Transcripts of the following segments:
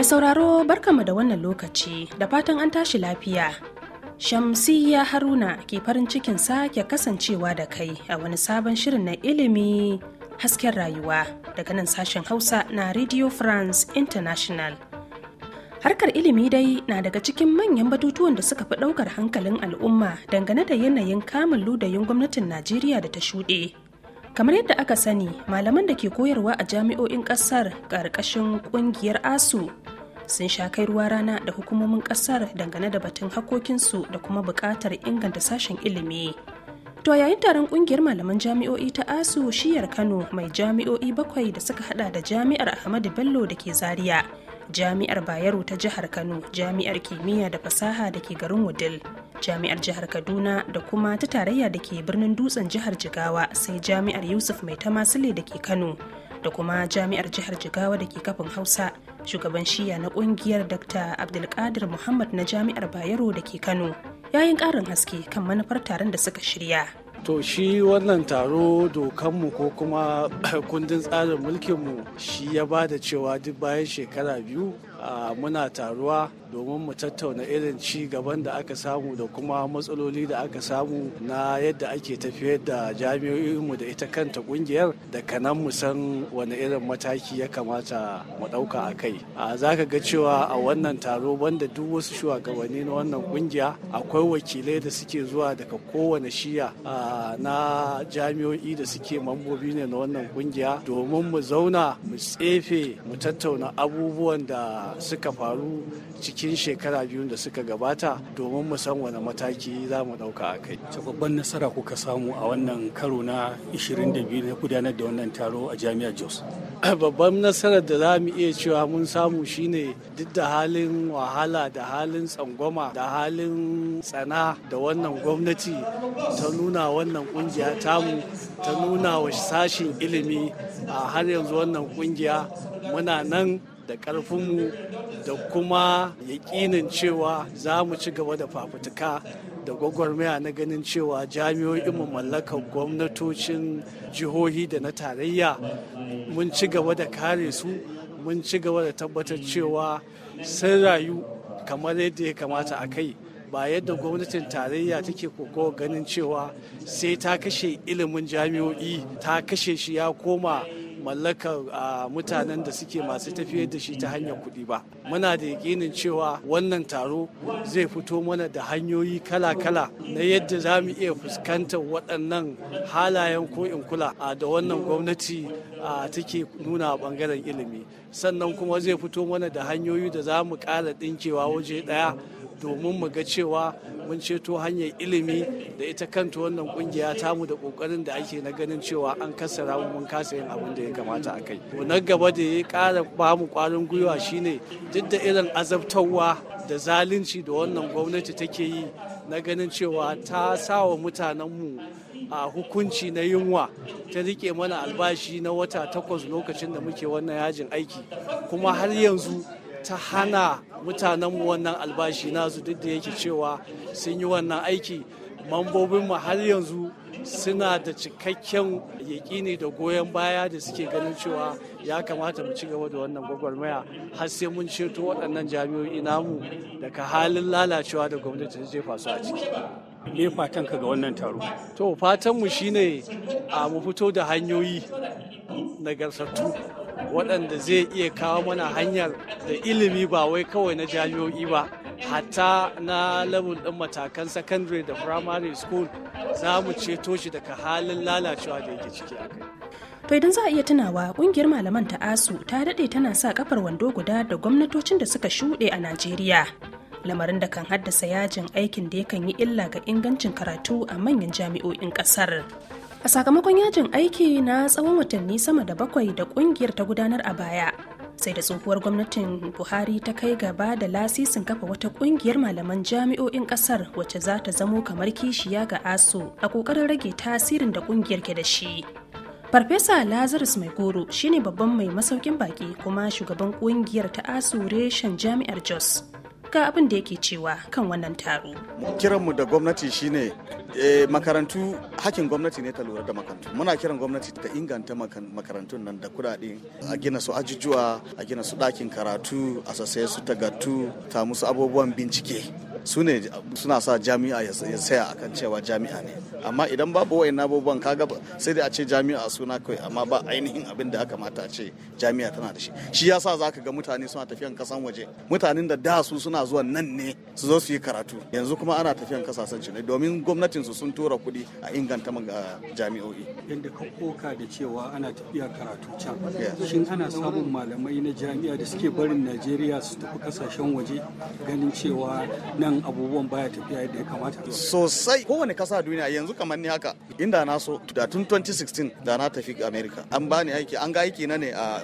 Mai sauraro barkama da wannan lokaci da fatan an tashi lafiya. Shamsiyya Haruna ke farin cikin sake kasancewa da kai a wani sabon shirin na ilimi hasken rayuwa daga nan sashen Hausa na Radio France International. Harkar ilimi dai na daga cikin manyan batutuwan da suka fi ɗaukar hankalin al'umma dangane da yanayin kamun ludayin gwamnatin Najeriya da ta shuɗe. kamar yadda aka sani malaman da ke koyarwa a jami'o'in ƙasar ƙarƙashin ƙungiyar asu sun sha kai ruwa rana da hukumomin kasar dangane da batun hakokinsu da kuma buƙatar inganta sashen ilimi to yayin taron kungiyar malaman jami'o'i ta asu shiyar kano mai jami'o'i bakwai da suka hada da jami'ar ahmadu bello da ke zaria jami'ar bayero ta jihar kano jami'ar kimiyya da fasaha da ke garin wudil jami'ar jihar kaduna da kuma ta tarayya da ke birnin dutsen jihar jigawa sai jami'ar yusuf mai tamasile da ke kano da kuma jami'ar jihar jigawa da ke kafin hausa shugaban shiya na kungiyar dr abdulkadir muhammad na jami'ar bayero da ke kano yayin karin haske kan manufar taron da suka shirya to shi wannan taro dokanmu ko kuma kundin tsarin mulkinmu shi ya ba da cewa duk bayan shekara biyu muna taruwa domin mu tattauna irin ci gaban da aka samu da kuma matsaloli da aka samu na yadda ake tafiyar da jami'o'inmu da ita kanta kungiyar da kanan mu san wani irin mataki ya kamata mu ɗauka a kai a za ga cewa a wannan taro banda duk wasu shugabanni na wannan kungiya akwai wakilai da suke zuwa daga kowane shiya na jami'o'i da suke mambobi ne na wannan kungiya domin mu zauna mu tsefe mu tattauna abubuwan da suka faru cikin shekara biyun da suka gabata domin mu san wani mataki za mu ɗauka a kai. babban nasara kuka samu a wannan karo na 22 na gudanar da wannan taro a jami'ar Jos. Babban nasarar da za mu iya cewa mun samu shine duk da halin wahala da halin tsangwama da halin tsana da wannan gwamnati ta nuna wannan kungiya tamu ta nuna wa sashin ilimi a har yanzu wannan kungiya muna nan da ƙarfinmu da kuma yaƙinin cewa za mu ci gaba da fafutuka da gwagwarmaya na ganin cewa jami'o'in mu mallakar gwamnatocin jihohi da na tarayya mun ci gaba da kare su mun ci gaba da tabbatar cewa sun rayu kamar yadda ya kamata a kai ba yadda gwamnatin tarayya take koko ganin cewa sai ta kashe ilimin jami'o'i ta kashe shi ya koma mallakar ah, mutanen da suke masu tafiyar da shi ta hanyar kuɗi ba muna da yakinin cewa wannan taro zai fito mana da hanyoyi kala-kala na yadda za mu iya fuskantar waɗannan halayen ko in kula ah, da wannan gwamnati ah, take nuna a ɓangaren ilimi sannan kuma zai fito mana da hanyoyi da za mu ƙara ɗinkewa waje ɗaya domin mu ga cewa mun ceto hanyar ilimi da ita kanta wannan kungiya mu da kokarin da ake na ganin cewa an kassara mun kasa yin abin da ya kamata a kai. Na gaba da ya kara ba mu kwarin gwiwa shine duk da irin azabtarwa da zalunci da wannan gwamnati take yi na ganin cewa ta sawa mu a hukunci na yunwa ta rike mana albashi na wata takwas lokacin da muke wannan yajin aiki kuma har yanzu ta hana mutanenmu wannan albashi nasu duk da yake cewa sun yi wannan aiki mambobinmu har yanzu suna da cikakken yaƙini da goyon baya da suke ganin cewa ya kamata mu ci gaba da wannan gwagwarmaya har sai mun ceto waɗannan jami'o'i namu daga halin lalacewa da gwamnati ta jefa su a ciki. me fatan ka ga wannan taro to fatan mu shine a mu fito da hanyoyi nagartattu waɗanda zai iya kawo mana hanyar da ilimi ba wai kawai na jami'o'i ba hatta na lamun ɗin matakan secondary da primary school za mu ceto shi daga halin lalacewa da yake ciki a kai. To idan za a iya tunawa kungiyar malaman ta ASU ta daɗe tana sa kafar wando guda da gwamnatocin da suka shuɗe a Najeriya. Lamarin da kan haddasa yajin aikin da yakan yi illa ga ingancin karatu a manyan jami'o'in ƙasar. a sakamakon yajin aiki na tsawon watanni sama da bakwai da kungiyar ta gudanar a baya sai da tsohuwar gwamnatin buhari ta kai gaba da lasisin kafa wata kungiyar malaman jami'o'in kasar wacce za ta zamo kamar kishiya ga aso a kokarin rage tasirin da kungiyar ke da shi farfesa lazarus mai goro shine babban mai masaukin baki kuma shugaban kungiyar ta aso reshen jami'ar jos ga abin da yake cewa kan wannan taro kiranmu da gwamnati shine Eh, makarantu hakin gwamnati ne ta lura da makarantu muna kiran gwamnati ta inganta makarantun nan da kuɗaɗe a gina su ajujuwa a gina su dakin karatu a sassaya su tagattu ta musu abubuwan bincike su ne suna sa jami'a ya saya akan cewa jami'a ne amma idan babu na abubuwan kaga sai dai a ce jami'a suna kai amma ba ainihin abin da ya kamata a ce jami'a tana da shi shi ya yasa zaka ga mutane suna tafiyan kasan waje mutanen da da su suna zuwa nan ne su zo su yi karatu yanzu kuma ana tafiyan kasashen ne domin gwamnatin su sun tura kuɗi a inganta jami'o'i yadda ka koka da cewa ana tafiya karatu can shin ana samun malamai na jami'a da suke barin Najeriya su tafi kasashen waje ganin cewa nan abubuwan baya tafiya yadda ya kamata sosai kowane kasa duniya yanzu kamar ni haka inda na so da tun 2016 da na tafi america an bani aiki an ga aiki na ne a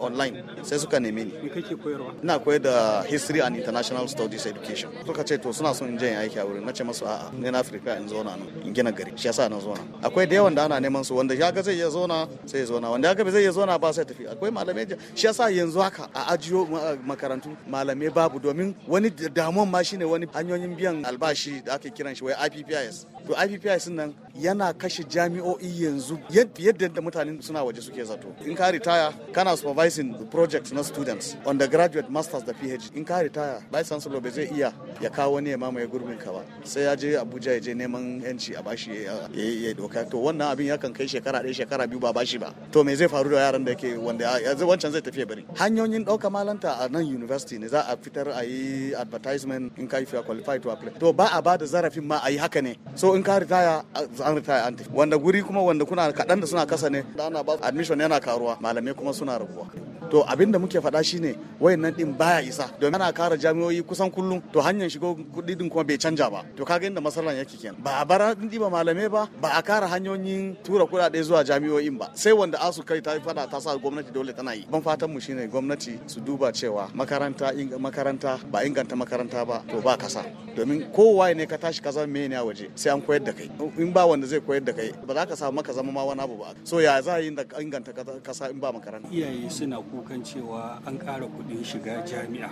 online sai suka neme ni kake koyarwa ina koyar da history and international studies education suka ce to suna son in je in aiki a wurin na ce masu a'a ni na africa in zauna nan in gina gari shi yasa na zauna akwai da yawan da ana neman su wanda ya ga zai iya zauna sai ya zauna wanda ya ga zai iya zauna ba sai tafi akwai malamai shi yasa yanzu haka a ajiyo makarantu malamai babu domin wani damuwan ma shine wani hanyoyin biyan albashi da ake kiran shi wai IPPIS to IPPIS nan yana kashe jami'o'i yanzu yadda da mutane suna waje suke zato in ka ritaya kana supervising the project na students undergraduate masters da PhD in ka ritaya san solo bai zai iya ya kawo wani ya mamaye gurbin ka ba sai ya je Abuja ya je neman yanci a bashi ya doka to wannan abin ya kan kai shekara ɗaya shekara biyu ba bashi ba to me zai faru da yaran da yake wanda wancan zai tafi ya bari hanyoyin ɗauka malanta a nan university ne za a fitar a yi advertisement in ka if you are to apply to ba a ba da zarafin ma a yi haka ne so in ka ritaya an ritaya an tafi wanda guri kuma wanda kuna kaɗan da suna kasa ne da ana ba admission yana karuwa malamai kuma suna rabuwa to abinda muke faɗa shine wayannan din baya isa don ana kara jami'o'i kusan kullum to hanyar shigo kuɗi din kuma bai canja ba to kaga inda masallan yake kenan ba a bara din ɗiba malamai ba ba a kara hanyoyin tura kuɗaɗe zuwa jami'o'in ba sai wanda asu kai ta faɗa ta sa gwamnati dole tana yi ban fatan mu shine gwamnati su duba cewa makaranta makaranta ba inganta makaranta ba to ba kasa domin kowa ne ka tashi ka zama mene a waje sai an koyar da kai in ba wanda zai koyar da kai ba za ka samu maka zama ma wani abu ba so ya za a yi inganta kasa in ba makaranta iyaye suna ku kan cewa an ƙara kuɗin shiga jami'a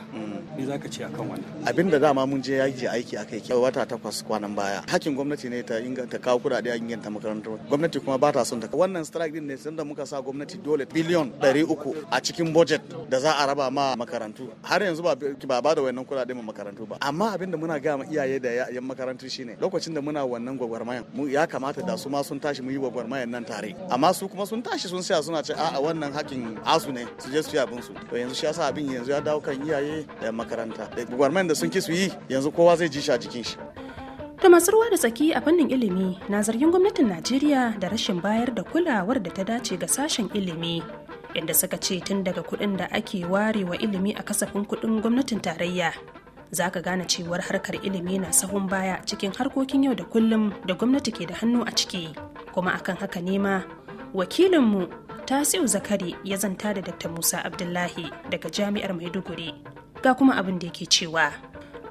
me za ka ce akan wannan abin da dama mun je yaji aiki a kai wata takwas kwanan baya hakin gwamnati ne ta inganta kawo kuɗaɗe a inganta makarantar gwamnati kuma ba ta son ta wannan strike din ne da muka sa gwamnati dole biliyon ɗari uku a cikin budget da za a raba ma makarantu har yanzu ba ba da wannan kudaden ma makarantu ba amma abin da muna ga ma iyaye da yan makarantu shine lokacin da muna wannan gwagwarmayan ya kamata da su ma sun tashi mu yi gwagwarmayan nan tare amma su kuma sun tashi sun saya suna ce a'a wannan hakin asu ne su je su yi su to yanzu shi sa abin yanzu ya dawo kan iyaye da makaranta da gwarmen da sun ki su yi yanzu kowa zai ji shi a jikin shi To masu ruwa da tsaki a fannin ilimi na zargin gwamnatin Najeriya da rashin bayar da kulawar da ta dace ga sashen ilimi. Inda suka ce tun daga kuɗin da ake ware wa ilimi a kasafin kuɗin gwamnatin tarayya. Za ka gane cewar harkar ilimi na sahun baya cikin harkokin yau da kullum da gwamnati ke da hannu a ciki. Kuma akan haka nema wakilinmu tasiu zakari ya zanta da dr musa abdullahi daga jami'ar maiduguri ga kuma abin da yake cewa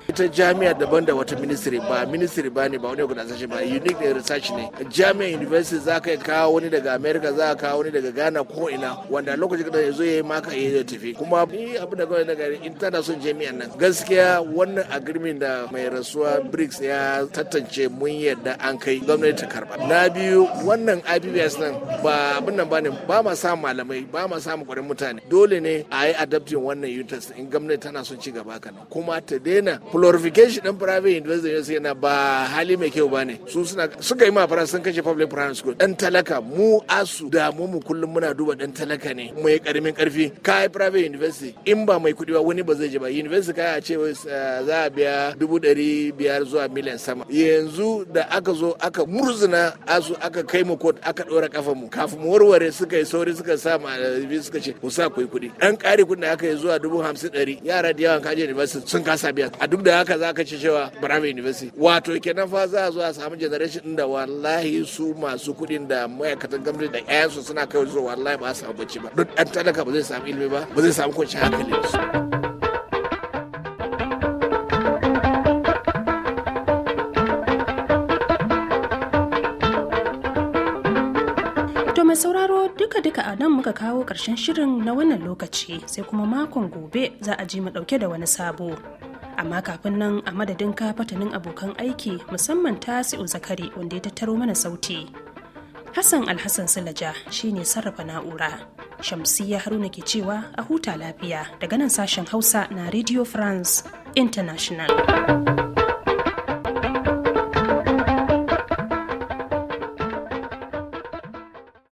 ita jami'a daban da wata ministry ba ministry ba ne ba wani organization ba unique da research ne jami'a university za ka kawo wani daga america za ka kawo wani daga ghana ko ina wanda lokacin da ya zo ya yi maka ya yi tafi kuma ni abu da kawai daga in tana son jami'an nan gaskiya wannan agreement da mai rasuwa brics ya tantance mun yadda an kai gwamnati ta karba na biyu wannan ibbs nan ba abin nan ba ne ba ma samun malamai ba ma samun kwarin mutane dole ne a yi adaptin wannan unit in gwamnati tana son ci gaba kana kuma ta daina glorification din private university yana ba hali mai kyau ne su suna suka yi ma sun kashe public private school dan talaka mu asu da mu mu kullum muna duba dan talaka ne mai karamin karfi kai private university in ba mai kudi ba wani ba zai je ba university kai a ce eh, za a biya dubu dari biyar zuwa miliyan sama yanzu da aka zo aka murzina asu aka kai mu court aka dora kafa mu kafin mu warware suka yi sauri suka sa malami suka ce ku sa k'u yi kudi dan kari kudin da aka yi zuwa dubu hamsin dari yara da yawan kaje university sun kasa biya a duk da haka za ka ci cewa University. Wato kenan fa za a zo a samu generation ɗin da wallahi su masu kuɗin da ma'aikatan gwamnati da ƴaƴansu suna kai zuwa wallahi ba su samu bacci ba. Duk ɗan talaka ba zai samu ilimi ba, ba zai samu kwanciyar hankali ba sauraro duka-duka a nan muka kawo ƙarshen shirin na wannan lokaci sai kuma makon gobe za a ji mu ɗauke da wani sabo. amma kafin nan a madadin kafatanin abokan aiki musamman tasi'u zakari wanda ya tattaro mana sauti hassan alhassan silaja shine sarrafa na'ura shamsiyya haruna ke cewa a huta lafiya daga nan sashen hausa na radio france international